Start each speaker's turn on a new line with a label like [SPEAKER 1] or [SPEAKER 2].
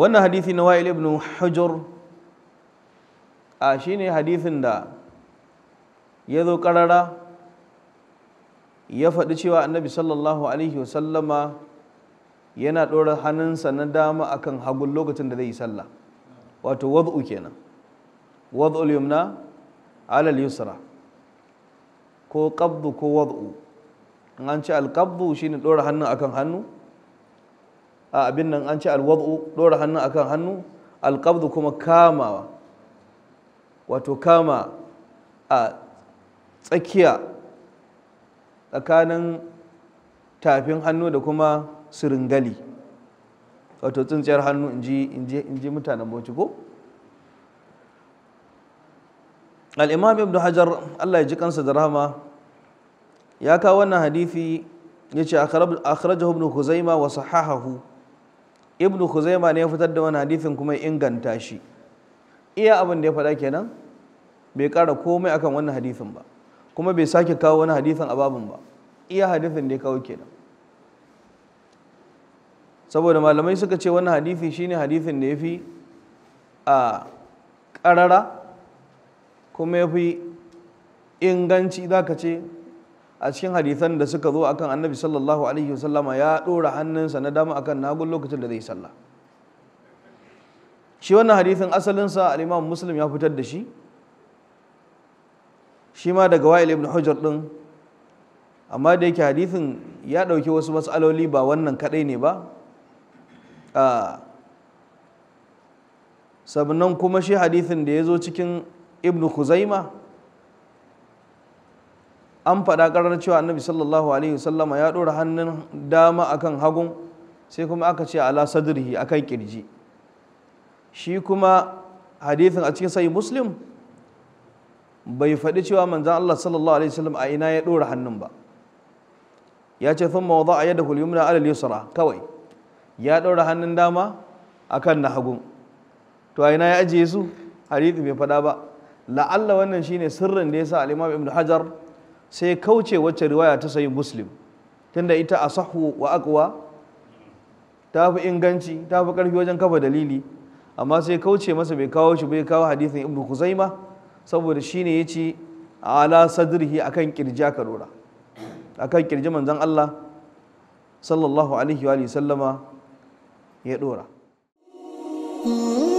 [SPEAKER 1] wannan hadithi na wa'il ibn hujur a shine hadithin da ya zo karara ya faɗi cewa annabi sallallahu alaihi wasallama yana ɗora hannunsa na dama akan hagun lokacin da zai yi sallah wato wad'u kenan Wad'u yumna alal yusra ko qabdu ko wad'u an ce alqabdu shine ɗora hannun akan hannu a abin nan an ce alwad'u ɗora hannu akan hannu alƙabdu kuma kamawa wato kama a tsakiya tsakanin tafin hannu da kuma siringali wato tsinciyar hannu in ji mutanen bauchi ko al'imam ibn hajar allah ya ji kansa da rahama ya kawo wannan hadithi ya ce akhrajahu ibn huzaima wa sahahahu ibn khuzaima ne ya fitar da wani hadithin kuma inganta shi iya abin da ya faɗa kenan bai kara komai akan wannan hadithin ba kuma bai sake kawo wani hadithin a babin ba iya hadithin da ya kawo kenan saboda malamai suka ce wannan hadithi shine hadithin da ya fi a ƙarara kuma ya fi inganci zaka ce a cikin hadisan da suka zo akan annabi sallallahu alaihi wasallama ya ɗora hannunsa na dama akan nagun lokacin da zai sallah shi wannan hadisin asalinsa al'imam muslim ya fitar da shi shi ma daga wa'il ibn hujjar ɗin amma da yake hadisin ya ɗauki wasu matsaloli ba wannan kaɗai ne ba sannan kuma shi hadisin da ya zo cikin ibn khuzaima an faɗa ƙarar cewa annabi sallallahu alaihi wasallama ya ɗora hannun dama akan hagun sai kuma aka ce ala sadrihi akan kirji shi kuma hadithin a cikin sai muslim bai faɗi cewa manzan Allah sallallahu alaihi wasallam a ina ya ɗora hannun ba ya ce sun mawada a yadda hulyumna alal yusra kawai ya ɗora hannun dama akan na hagun to a ina ya ajiye su hadithin bai faɗa ba la'alla wannan shine sirrin da ya sa al-imam ibnu hajar sai kauce wacce riwaya ta sayi muslim tunda ita a sahu wa akwa ta fi inganci ta fi ƙarfi wajen kafa dalili amma sai kauce masa bai kawo shi bai kawo hadithin ibnu kuzaima saboda shine ya ce ala sadrihi akan kirja ka akan kirji manzon Allah sallallahu alaihi wa sallama ya dora hmm.